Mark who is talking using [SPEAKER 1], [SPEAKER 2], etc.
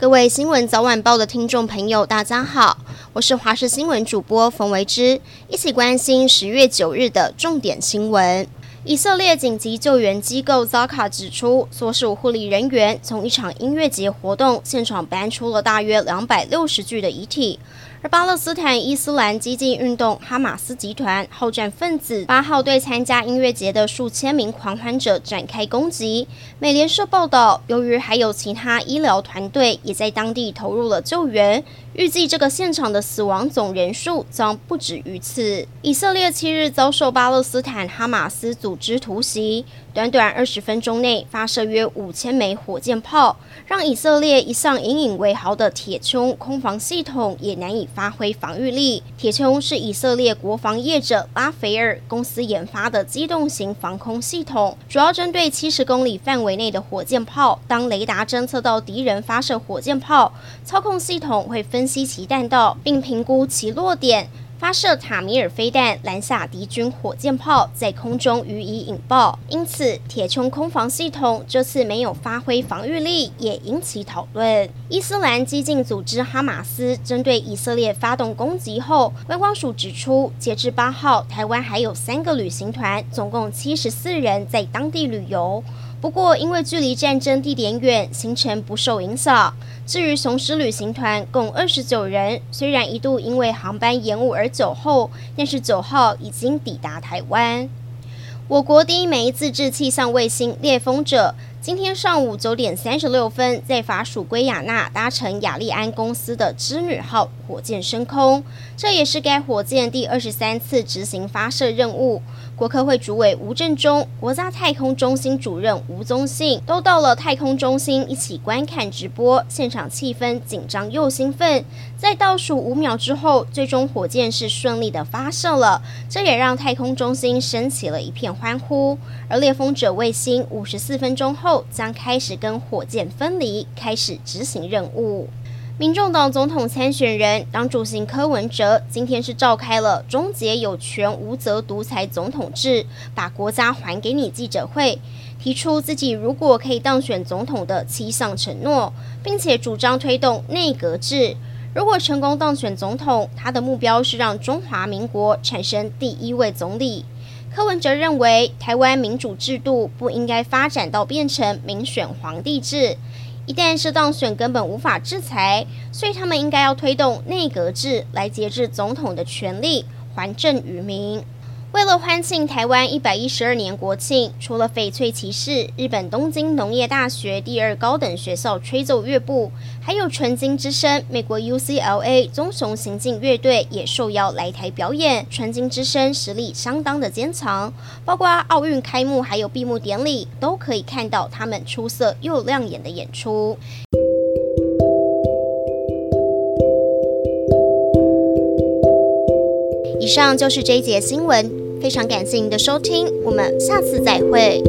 [SPEAKER 1] 各位新聞早晚報的聽眾朋友，大家好，我是華視新聞主播馮維之，一起關心十月九日的重點新聞。以色列緊急救援機構 Zaka 指出，所屬護理人員從一場音樂節活動現場搬出了大約兩百六十具的遺體。而巴勒斯坦伊斯蘭激進運動哈馬斯集團好戰分子八號對參加音樂節的數千名狂歡者展開攻擊。美聯社報道由於還有其他醫療團隊也在當地投入了救援，預計這個現場的死亡總人數將不止於此。以色列七日遭受巴勒斯坦哈馬斯組織突襲。短短二十分鐘內發射約五千枚火箭炮，讓以色列一向引以為豪的鐵穹空防系統也難以發揮防禦力。鐵穹是以色列國防業者拉斐爾公司研發的機動型防空系統，主要針對七十公里範圍內的火箭炮。當雷達偵測到敵人發射火箭炮，操控系統會分析其彈道，並評估其落點。發射塔米爾飛彈攔下敵軍火箭炮，在空中予以引爆。因此，鐵穹空防系統這次沒有發揮防禦力，也引起討論。伊斯蘭激進組織哈馬斯針對以色列發動攻擊後，觀光署指出，截至八號，台灣還有三個旅行團，總共七十四人在當地旅遊。不過，因為距離戰爭地點遠，行程不受影響。至於雄獅旅行團，共二十九人，雖然一度因為航班延誤而走後，但是九號已經抵達台灣。我國第一枚自製氣象衛星“獵風者”今天上午九點三十六分，在法屬圭亞那搭乘亞利安公司的織女號火箭升空，這也是該火箭第二十三次執行發射任務。國科會主委吳政忠、國家太空中心主任吳宗信都到了太空中心一起觀看直播，現場氣氛緊張又興奮。在倒數五秒之後，最終火箭是順利的發射了，這也讓太空中心升起了一片歡呼。而獵風者衛星五十四分鐘後將開始跟火箭分離，開始執行任務。民眾黨總統參選人、黨主席柯文哲今天是召開了“終結有權無責獨裁總統制，把國家還給你”記者會，提出自己如果可以當選總統的七項承諾，並且主張推動內閣制。如果成功當選總統，他的目標是讓中華民國產生第一位總理。柯文哲認為，台灣民主制度不應該發展到變成民選皇帝制。一旦是當選，根本無法制裁，所以他們應該要推動內閣制來節制總統的權力，還政於民。為了歡慶台灣一百一十二年國慶，除了翡翠騎士、日本東京農業大學第二高等學校吹奏樂部，還有純金之聲、美國 UCLA 棕熊行進樂隊也受邀來台表演。純金之聲實力相當的堅強，包括奧運開幕還有閉幕典禮，都可以看到他們出色又亮眼的演出。以上就是這一節新聞。非常感謝您的收聽，我們下次再會。